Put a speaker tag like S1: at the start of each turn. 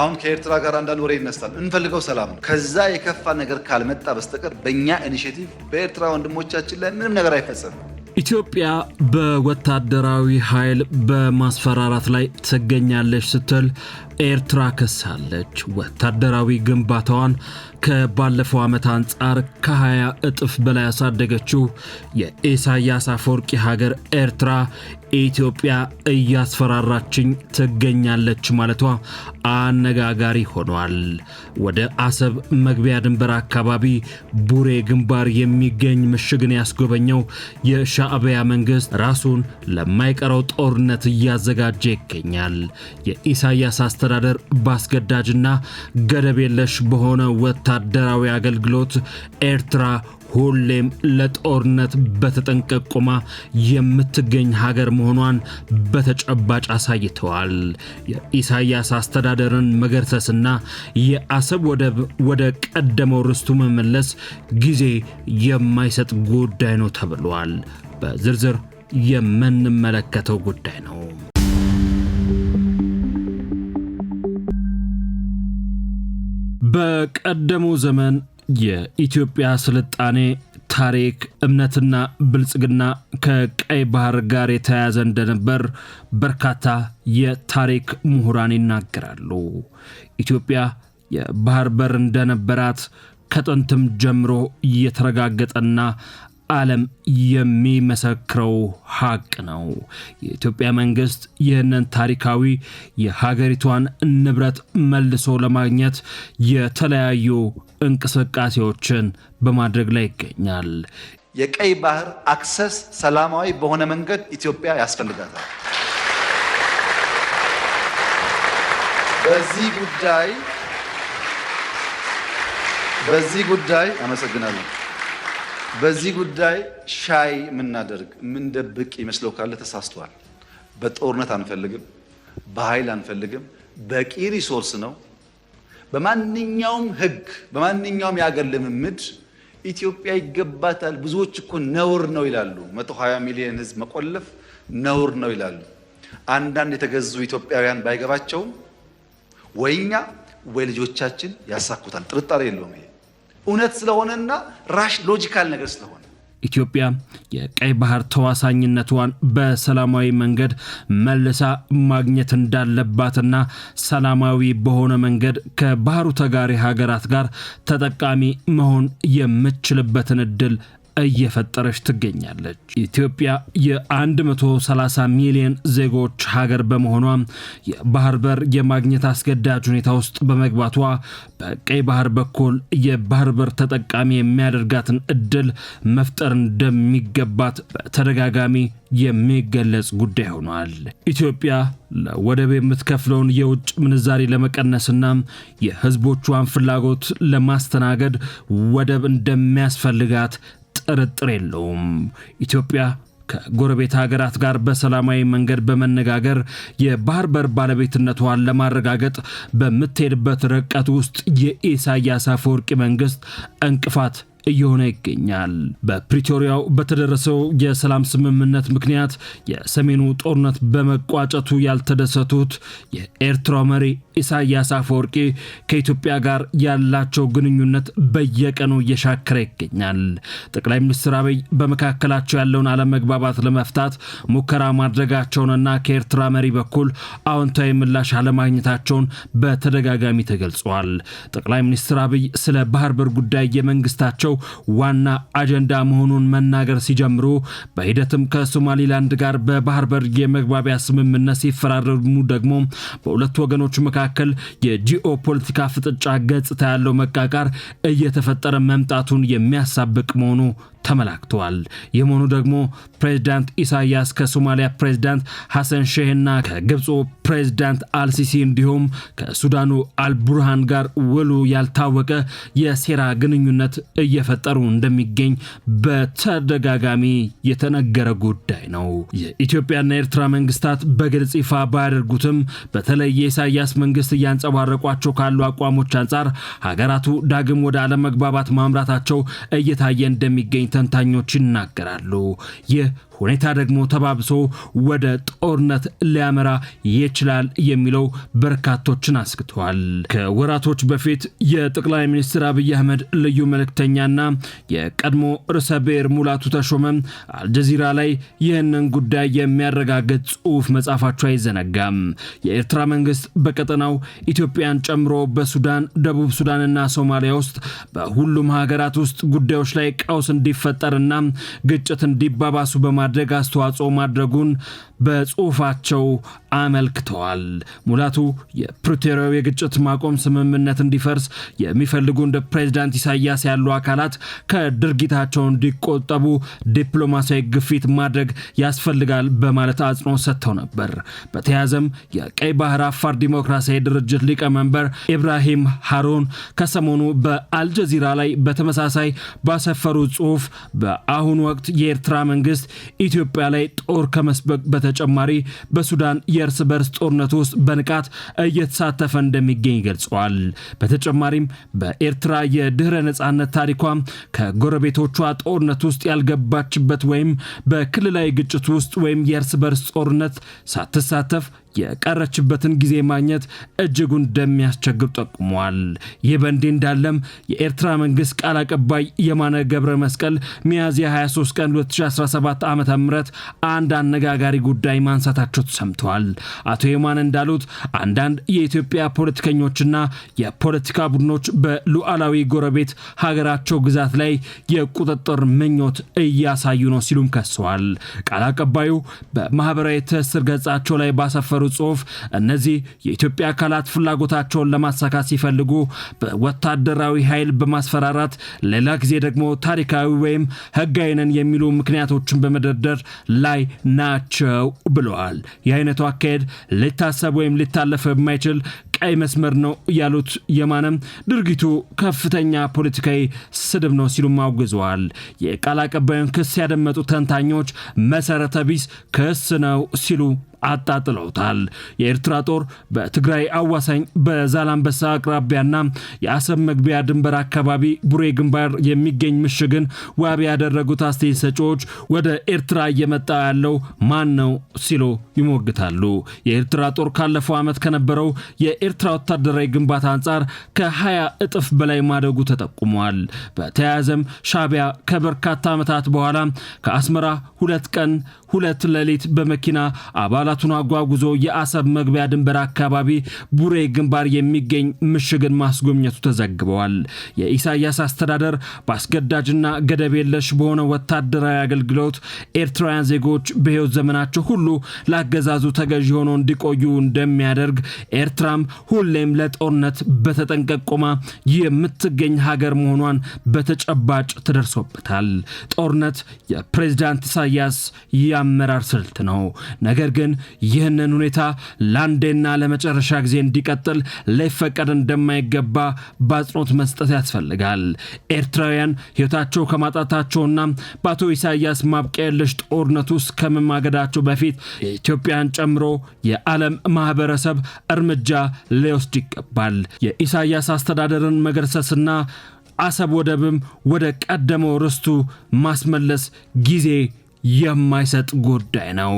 S1: አሁን ከኤርትራ ጋር አንዳንድ ወሬ ይነሳል። እንፈልገው ሰላም ነው። ከዛ የከፋ ነገር ካልመጣ በስተቀር በእኛ ኢኒሽቲቭ በኤርትራ ወንድሞቻችን ላይ ምንም ነገር አይፈጸምም።
S2: ኢትዮጵያ በወታደራዊ ኃይል በማስፈራራት ላይ ትገኛለች ስትል ኤርትራ ከሳለች። ወታደራዊ ግንባታዋን ከባለፈው ዓመት አንጻር ከ20 እጥፍ በላይ ያሳደገችው የኢሳያስ አፈወርቂ ሀገር ኤርትራ ኢትዮጵያ እያስፈራራችኝ ትገኛለች ማለቷ አነጋጋሪ ሆኗል። ወደ አሰብ መግቢያ ድንበር አካባቢ ቡሬ ግንባር የሚገኝ ምሽግን ያስጎበኘው የሻዕቢያ መንግስት ራሱን ለማይቀረው ጦርነት እያዘጋጀ ይገኛል። የኢሳያስ አስተዳደር ባስገዳጅና ገደብ የለሽ በሆነ ወታደራዊ አገልግሎት ኤርትራ ሁሌም ለጦርነት በተጠንቀቅ ቆማ የምትገኝ ሀገር መሆኗን በተጨባጭ አሳይተዋል። የኢሳያስ አስተዳደርን መገርሰስና የአሰብ ወደብ ወደ ቀደመው ርስቱ መመለስ ጊዜ የማይሰጥ ጉዳይ ነው ተብሏል። በዝርዝር የምንመለከተው ጉዳይ ነው። በቀደሙ ዘመን የኢትዮጵያ ስልጣኔ ታሪክ፣ እምነትና ብልጽግና ከቀይ ባህር ጋር የተያያዘ እንደነበር በርካታ የታሪክ ምሁራን ይናገራሉ። ኢትዮጵያ የባህር በር እንደነበራት ከጥንትም ጀምሮ እየተረጋገጠና ዓለም የሚመሰክረው ሀቅ ነው። የኢትዮጵያ መንግስት ይህንን ታሪካዊ የሀገሪቷን ንብረት መልሶ ለማግኘት የተለያዩ እንቅስቃሴዎችን በማድረግ ላይ ይገኛል።
S1: የቀይ ባህር አክሰስ ሰላማዊ በሆነ መንገድ ኢትዮጵያ ያስፈልጋታል። በዚህ ጉዳይ በዚህ ጉዳይ አመሰግናለሁ። በዚህ ጉዳይ ሻይ የምናደርግ የምንደብቅ ይመስለው ካለ ተሳስተዋል። በጦርነት አንፈልግም፣ በኃይል አንፈልግም። በቂ ሪሶርስ ነው። በማንኛውም ህግ በማንኛውም የአገር ልምምድ ኢትዮጵያ ይገባታል። ብዙዎች እኮ ነውር ነው ይላሉ። 120 ሚሊዮን ህዝብ መቆለፍ ነውር ነው ይላሉ። አንዳንድ የተገዙ ኢትዮጵያውያን ባይገባቸውም ወይኛ ወይ ልጆቻችን ያሳኩታል። ጥርጣሬ የለውም ይሄ እውነት ስለሆነና ራሽ ሎጂካል ነገር ስለሆነ
S2: ኢትዮጵያ የቀይ ባህር ተዋሳኝነቷን በሰላማዊ መንገድ መልሳ ማግኘት እንዳለባትና ሰላማዊ በሆነ መንገድ ከባህሩ ተጋሪ ሀገራት ጋር ተጠቃሚ መሆን የምችልበትን እድል። እየፈጠረች ትገኛለች። ኢትዮጵያ የ130 ሚሊዮን ዜጎች ሀገር በመሆኗ የባህር በር የማግኘት አስገዳጅ ሁኔታ ውስጥ በመግባቷ በቀይ ባህር በኩል የባህር በር ተጠቃሚ የሚያደርጋትን እድል መፍጠር እንደሚገባት በተደጋጋሚ የሚገለጽ ጉዳይ ሆኗል። ኢትዮጵያ ለወደብ የምትከፍለውን የውጭ ምንዛሪ ለመቀነስና የህዝቦቿን ፍላጎት ለማስተናገድ ወደብ እንደሚያስፈልጋት ጥርጥር የለውም ኢትዮጵያ ከጎረቤት ሀገራት ጋር በሰላማዊ መንገድ በመነጋገር የባህር በር ባለቤትነቷን ለማረጋገጥ በምትሄድበት ርቀት ውስጥ የኢሳያስ አፈወርቂ መንግስት እንቅፋት እየሆነ ይገኛል። በፕሪቶሪያው በተደረሰው የሰላም ስምምነት ምክንያት የሰሜኑ ጦርነት በመቋጨቱ ያልተደሰቱት የኤርትራው መሪ ኢሳያስ አፈወርቂ ከኢትዮጵያ ጋር ያላቸው ግንኙነት በየቀኑ እየሻከረ ይገኛል። ጠቅላይ ሚኒስትር አብይ በመካከላቸው ያለውን አለመግባባት ለመፍታት ሙከራ ማድረጋቸውንና ከኤርትራ መሪ በኩል አዎንታዊ ምላሽ አለማግኘታቸውን በተደጋጋሚ ተገልጿል። ጠቅላይ ሚኒስትር አብይ ስለ ባህር በር ጉዳይ የመንግስታቸው ዋና አጀንዳ መሆኑን መናገር ሲጀምሩ በሂደትም ከሶማሊላንድ ጋር በባህር በር የመግባቢያ ስምምነት ሲፈራረሙ ደግሞ በሁለቱ ወገኖች መካከል መካከል የጂኦፖለቲካ ፍጥጫ ገጽታ ያለው መቃቃር እየተፈጠረ መምጣቱን የሚያሳብቅ መሆኑ ተመላክተዋል። የመሆኑ ደግሞ ፕሬዚዳንት ኢሳያስ ከሶማሊያ ፕሬዚዳንት ሐሰን ሼህና ከግብፁ ፕሬዚዳንት አልሲሲ እንዲሁም ከሱዳኑ አልቡርሃን ጋር ውሉ ያልታወቀ የሴራ ግንኙነት እየፈጠሩ እንደሚገኝ በተደጋጋሚ የተነገረ ጉዳይ ነው። የኢትዮጵያና የኤርትራ መንግስታት በግልጽ ይፋ ባያደርጉትም በተለይ የኢሳያስ መንግስት እያንጸባረቋቸው ካሉ አቋሞች አንጻር ሀገራቱ ዳግም ወደ አለመግባባት ማምራታቸው እየታየ እንደሚገኝ ተንታኞች ይናገራሉ። ይህ ሁኔታ ደግሞ ተባብሶ ወደ ጦርነት ሊያመራ ይችላል የሚለው በርካቶችን አስክተዋል። ከወራቶች በፊት የጠቅላይ ሚኒስትር አብይ አህመድ ልዩ መልእክተኛና የቀድሞ ርዕሰ ብሔር ሙላቱ ተሾመ አልጀዚራ ላይ ይህንን ጉዳይ የሚያረጋግጥ ጽሑፍ መጻፋቸው አይዘነጋም። የኤርትራ መንግስት በቀጠናው ኢትዮጵያን ጨምሮ በሱዳን፣ ደቡብ ሱዳንና ሶማሊያ ውስጥ በሁሉም ሀገራት ውስጥ ጉዳዮች ላይ ቀውስ እንዲፈጠርና ግጭት እንዲባባሱ በማድረግ ለማድረግ አስተዋጽኦ ማድረጉን በጽሁፋቸው አመልክተዋል። ሙላቱ የፕሪቶሪያው የግጭት ማቆም ስምምነት እንዲፈርስ የሚፈልጉ እንደ ፕሬዚዳንት ኢሳያስ ያሉ አካላት ከድርጊታቸው እንዲቆጠቡ ዲፕሎማሲያዊ ግፊት ማድረግ ያስፈልጋል በማለት አጽንኦት ሰጥተው ነበር። በተያያዘም የቀይ ባህር አፋር ዲሞክራሲያዊ ድርጅት ሊቀመንበር ኢብራሂም ሃሩን ከሰሞኑ በአልጀዚራ ላይ በተመሳሳይ ባሰፈሩ ጽሑፍ በአሁኑ ወቅት የኤርትራ መንግስት ኢትዮጵያ ላይ ጦር ከመስበቅ በተጨማሪ በሱዳን የ የእርስ በርስ ጦርነት ውስጥ በንቃት እየተሳተፈ እንደሚገኝ ገልጸዋል። በተጨማሪም በኤርትራ የድህረ ነጻነት ታሪኳ ከጎረቤቶቿ ጦርነት ውስጥ ያልገባችበት ወይም በክልላዊ ግጭት ውስጥ ወይም የእርስ በርስ ጦርነት ሳትሳተፍ የቀረችበትን ጊዜ ማግኘት እጅጉን እንደሚያስቸግር ጠቁሟል። ይህ በእንዲህ እንዳለም የኤርትራ መንግስት ቃል አቀባይ የማነ ገብረ መስቀል ሚያዝያ 23 ቀን 2017 ዓ ም አንድ አነጋጋሪ ጉዳይ ማንሳታቸው ተሰምተዋል። አቶ የማነ እንዳሉት አንዳንድ የኢትዮጵያ ፖለቲከኞችና የፖለቲካ ቡድኖች በሉዓላዊ ጎረቤት ሀገራቸው ግዛት ላይ የቁጥጥር ምኞት እያሳዩ ነው ሲሉም ከሰዋል። ቃል አቀባዩ በማህበራዊ ትስስር ገጻቸው ላይ ባሰፈሩ ባሰፈሩት ጽሑፍ እነዚህ የኢትዮጵያ አካላት ፍላጎታቸውን ለማሳካት ሲፈልጉ በወታደራዊ ኃይል በማስፈራራት ሌላ ጊዜ ደግሞ ታሪካዊ ወይም ሕጋዊ ነን የሚሉ ምክንያቶችን በመደርደር ላይ ናቸው ብለዋል። ይህ አይነቱ አካሄድ ሊታሰብ ወይም ሊታለፍ የማይችል ቀይ መስመር ነው ያሉት የማነም ድርጊቱ ከፍተኛ ፖለቲካዊ ስድብ ነው ሲሉም አውግዘዋል። የቃል አቀባዩን ክስ ያደመጡ ተንታኞች መሰረተ ቢስ ክስ ነው ሲሉ አጣጥለውታል። የኤርትራ ጦር በትግራይ አዋሳኝ በዛላንበሳ አቅራቢያና የአሰብ መግቢያ ድንበር አካባቢ ቡሬ ግንባር የሚገኝ ምሽግን ዋቢ ያደረጉት አስተያየት ሰጪዎች ወደ ኤርትራ እየመጣ ያለው ማን ነው ሲሉ ይሞግታሉ። የኤርትራ ጦር ካለፈው ዓመት ከነበረው የኤርትራ ወታደራዊ ግንባታ አንጻር ከ20 እጥፍ በላይ ማደጉ ተጠቁሟል። በተያያዘም ሻቢያ ከበርካታ ዓመታት በኋላ ከአስመራ ሁለት ቀን ሁለት ሌሊት በመኪና አባላት አባላቱን አጓጉዞ የአሰብ መግቢያ ድንበር አካባቢ ቡሬ ግንባር የሚገኝ ምሽግን ማስጎብኘቱ ተዘግበዋል። የኢሳያስ አስተዳደር በአስገዳጅና ገደብ የለሽ በሆነ ወታደራዊ አገልግሎት ኤርትራውያን ዜጎች በሕይወት ዘመናቸው ሁሉ ላገዛዙ ተገዢ ሆኖ እንዲቆዩ እንደሚያደርግ ኤርትራም ሁሌም ለጦርነት በተጠንቀቅ ቆማ የምትገኝ ሀገር መሆኗን በተጨባጭ ተደርሶበታል። ጦርነት የፕሬዝዳንት ኢሳያስ የአመራር ስልት ነው። ነገር ግን ይህንን ሁኔታ ለአንዴና ለመጨረሻ ጊዜ እንዲቀጥል ሊፈቀድ እንደማይገባ በአጽንኦት መስጠት ያስፈልጋል። ኤርትራውያን ሕይወታቸው ከማጣታቸውና በአቶ ኢሳያስ ማብቂያ የለሽ ጦርነት ውስጥ ከመማገዳቸው በፊት የኢትዮጵያን ጨምሮ የዓለም ማህበረሰብ እርምጃ ሊወስድ ይገባል። የኢሳያስ አስተዳደርን መገርሰስና አሰብ ወደብም ወደ ቀደመው ርስቱ ማስመለስ ጊዜ የማይሰጥ ጉዳይ ነው።